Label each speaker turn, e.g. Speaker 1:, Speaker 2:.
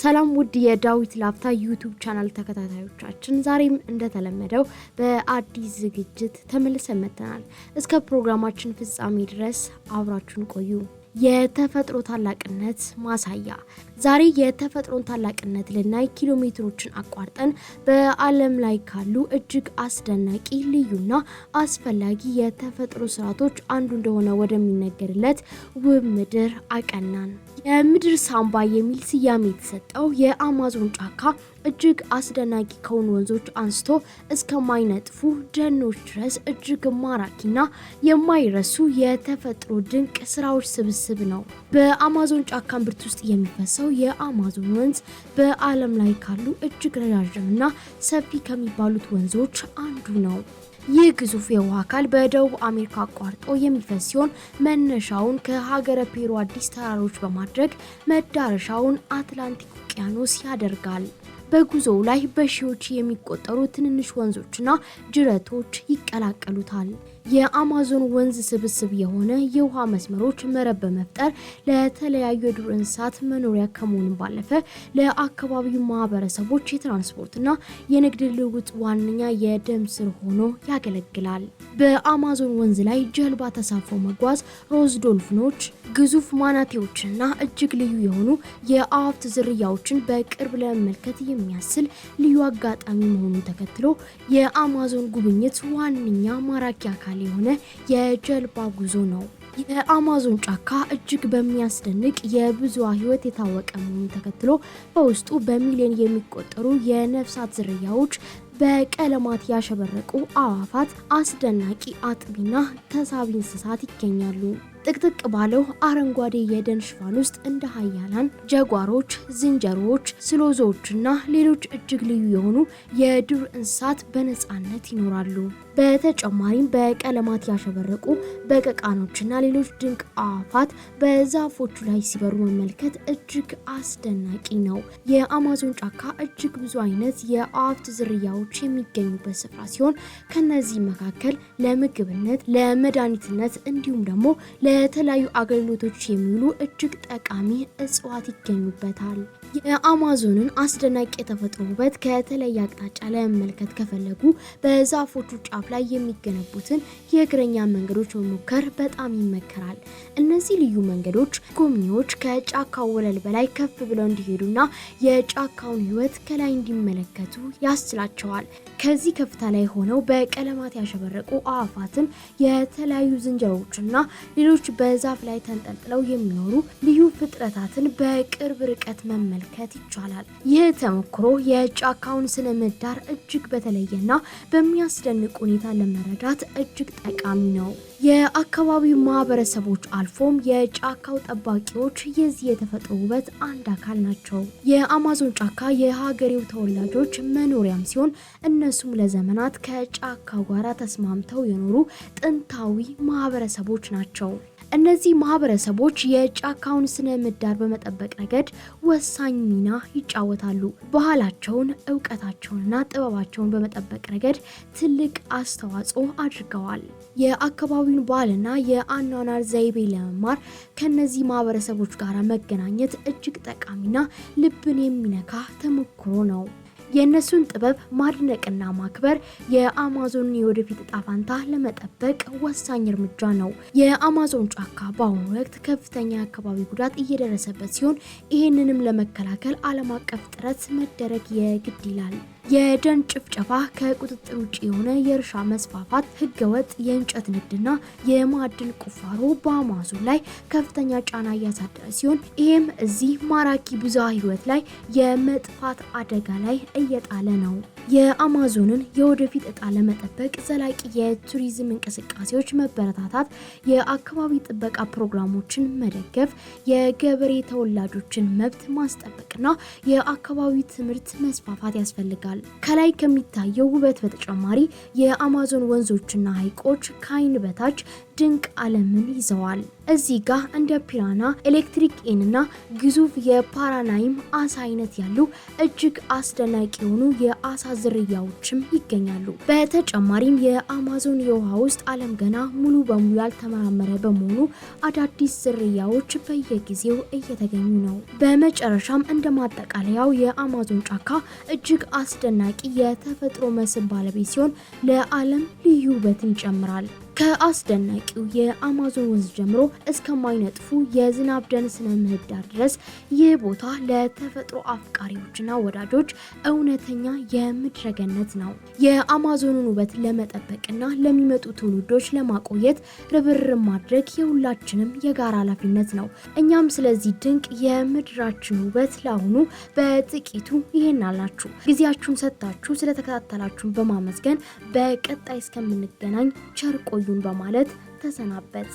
Speaker 1: ሰላም ውድ የዳዊት ላፍታ ዩቱብ ቻናል ተከታታዮቻችን፣ ዛሬም እንደተለመደው በአዲስ ዝግጅት ተመልሰን መጥተናል። እስከ ፕሮግራማችን ፍጻሜ ድረስ አብራችሁን ቆዩ። የተፈጥሮ ታላቅነት ማሳያ ዛሬ የተፈጥሮን ታላቅነት ልናይ ኪሎ ሜትሮችን አቋርጠን በዓለም ላይ ካሉ እጅግ አስደናቂ ልዩና አስፈላጊ የተፈጥሮ ስርዓቶች አንዱ እንደሆነ ወደሚነገርለት ውብ ምድር አቀናን። የምድር ሳምባ የሚል ስያሜ የተሰጠው የአማዞን ጫካ እጅግ አስደናቂ ከሆኑ ወንዞች አንስቶ እስከማይነጥፉ ደኖች ድረስ እጅግ ማራኪና የማይረሱ የተፈጥሮ ድንቅ ስራዎች ስብስብ ነው። በአማዞን ጫካ ብርት ውስጥ የሚፈሰው የአማዞን ወንዝ በዓለም ላይ ካሉ እጅግ ረዣዥምና ሰፊ ከሚባሉት ወንዞች አንዱ ነው። ይህ ግዙፍ የውሃ አካል በደቡብ አሜሪካ አቋርጦ የሚፈስ ሲሆን መነሻውን ከሀገረ ፔሩ አዲስ ተራሮች በማድረግ መዳረሻውን አትላንቲክ ውቅያኖስ ያደርጋል። በጉዞው ላይ በሺዎች የሚቆጠሩ ትንንሽ ወንዞችና ጅረቶች ይቀላቀሉታል። የአማዞን ወንዝ ስብስብ የሆነ የውሃ መስመሮች መረብ በመፍጠር ለተለያዩ የዱር እንስሳት መኖሪያ ከመሆንም ባለፈ ለአካባቢው ማህበረሰቦች የትራንስፖርትና የንግድ ልውውጥ ዋነኛ የደም ስር ሆኖ ያገለግላል። በአማዞን ወንዝ ላይ ጀልባ ተሳፎ መጓዝ ሮዝ ዶልፊኖች፣ ግዙፍ ማናቴዎችና እጅግ ልዩ የሆኑ የአዋፍት ዝርያዎችን በቅርብ ለመመልከት የሚያስችል ልዩ አጋጣሚ መሆኑን ተከትሎ የአማዞን ጉብኝት ዋነኛ ማራኪ አካል አካል የሆነ የጀልባ ጉዞ ነው። የአማዞን ጫካ እጅግ በሚያስደንቅ የብዙዋ ህይወት የታወቀ መሆኑን ተከትሎ በውስጡ በሚሊዮን የሚቆጠሩ የነፍሳት ዝርያዎች በቀለማት ያሸበረቁ አዋፋት፣ አስደናቂ አጥቢና ተሳቢ እንስሳት ይገኛሉ። ጥቅጥቅ ባለው አረንጓዴ የደን ሽፋን ውስጥ እንደ ሀያላን ጀጓሮች፣ ዝንጀሮዎች፣ እና ሌሎች እጅግ ልዩ የሆኑ የዱር እንስሳት በነፃነት ይኖራሉ። በተጨማሪም በቀለማት ያሸበረቁ በቀቃኖችና ሌሎች ድንቅ አዕዋፋት በዛፎቹ ላይ ሲበሩ መመልከት እጅግ አስደናቂ ነው። የአማዞን ጫካ እጅግ ብዙ አይነት የአዕዋፍት ዝርያዎች የሚገኙበት ስፍራ ሲሆን ከነዚህ መካከል ለምግብነት፣ ለመድኃኒትነት እንዲሁም ደግሞ ለ ለተለያዩ አገልግሎቶች የሚውሉ እጅግ ጠቃሚ እጽዋት ይገኙበታል። የአማዞንን አስደናቂ የተፈጥሮ ውበት ከተለየ አቅጣጫ ለመመልከት ከፈለጉ በዛፎቹ ጫፍ ላይ የሚገነቡትን የእግረኛ መንገዶች መሞከር በጣም ይመከራል። እነዚህ ልዩ መንገዶች ጎብኚዎች ከጫካው ወለል በላይ ከፍ ብለው እንዲሄዱና የጫካውን ሕይወት ከላይ እንዲመለከቱ ያስችላቸዋል። ከዚህ ከፍታ ላይ ሆነው በቀለማት ያሸበረቁ አዕዋፋትን፣ የተለያዩ ና ሌሎች በዛፍ ላይ ተንጠልጥለው የሚኖሩ ልዩ ፍጥረታትን በቅርብ ርቀት መመልከት መመልከት ይቻላል። ይህ ተሞክሮ የጫካውን ስነ ምህዳር እጅግ በተለየና በሚያስደንቅ ሁኔታ ለመረዳት እጅግ ጠቃሚ ነው። የአካባቢው ማህበረሰቦች አልፎም የጫካው ጠባቂዎች የዚህ የተፈጥሮ ውበት አንድ አካል ናቸው። የአማዞን ጫካ የሀገሬው ተወላጆች መኖሪያም ሲሆን እነሱም ለዘመናት ከጫካው ጋር ተስማምተው የኖሩ ጥንታዊ ማህበረሰቦች ናቸው። እነዚህ ማህበረሰቦች የጫካውን ስነ ምህዳር በመጠበቅ ረገድ ወሳኝ ሚና ይጫወታሉ። ባህላቸውን፣ እውቀታቸውንና ጥበባቸውን በመጠበቅ ረገድ ትልቅ አስተዋጽኦ አድርገዋል። የአካባቢ የሰውን ባህልና የአኗኗር ዘይቤ ለመማር ከነዚህ ማህበረሰቦች ጋር መገናኘት እጅግ ጠቃሚና ልብን የሚነካ ተሞክሮ ነው። የእነሱን ጥበብ ማድነቅና ማክበር የአማዞን የወደፊት እጣ ለመጠበቅ ወሳኝ እርምጃ ነው። የአማዞን ጫካ በአሁኑ ወቅት ከፍተኛ የአካባቢ ጉዳት እየደረሰበት ሲሆን፣ ይህንንም ለመከላከል ዓለም አቀፍ ጥረት መደረግ የግድ ይላል። የደን ጭፍጨፋ፣ ከቁጥጥር ውጭ የሆነ የእርሻ መስፋፋት፣ ህገወጥ የእንጨት ንግድና የማዕድን ቁፋሮ በአማዞን ላይ ከፍተኛ ጫና እያሳደረ ሲሆን ይህም እዚህ ማራኪ ብዝሃ ህይወት ላይ የመጥፋት አደጋ ላይ እየጣለ ነው። የአማዞንን የወደፊት እጣ ለመጠበቅ ዘላቂ የቱሪዝም እንቅስቃሴዎች መበረታታት፣ የአካባቢ ጥበቃ ፕሮግራሞችን መደገፍ፣ የገበሬ ተወላጆችን መብት ማስጠበቅና የአካባቢ ትምህርት መስፋፋት ያስፈልጋል። ተገልጿል። ከላይ ከሚታየው ውበት በተጨማሪ የአማዞን ወንዞችና ሐይቆች ከአይን በታች ድንቅ ዓለምን ይዘዋል። እዚህ ጋር እንደ ፒራና፣ ኤሌክትሪክ ኤንና ግዙፍ የፓራናይም አሳ አይነት ያሉ እጅግ አስደናቂ የሆኑ የአሳ ዝርያዎችም ይገኛሉ። በተጨማሪም የአማዞን የውሃ ውስጥ ዓለም ገና ሙሉ በሙሉ ያልተመራመረ በመሆኑ አዳዲስ ዝርያዎች በየጊዜው እየተገኙ ነው። በመጨረሻም እንደ ማጠቃለያው የአማዞን ጫካ እጅግ አስደናቂ የተፈጥሮ መስህብ ባለቤት ሲሆን ለዓለም ልዩ ውበትን ይጨምራል። ከአስደናቂው የአማዞን ወንዝ ጀምሮ እስከማይነጥፉ የዝናብ ደን ስነ ምህዳር ድረስ ይህ ቦታ ለተፈጥሮ አፍቃሪዎችና ወዳጆች እውነተኛ የምድረገነት ነው። የአማዞኑን ውበት ለመጠበቅና ለሚመጡ ትውልዶች ለማቆየት ርብርብ ማድረግ የሁላችንም የጋራ ኃላፊነት ነው። እኛም ስለዚህ ድንቅ የምድራችን ውበት ለአሁኑ በጥቂቱ ይሄን አላችሁ። ጊዜያችሁን ሰጥታችሁ ስለተከታተላችሁን በማመስገን በቀጣይ እስከምንገናኝ ቸርቆ ይቆዩን በማለት ተሰናበት።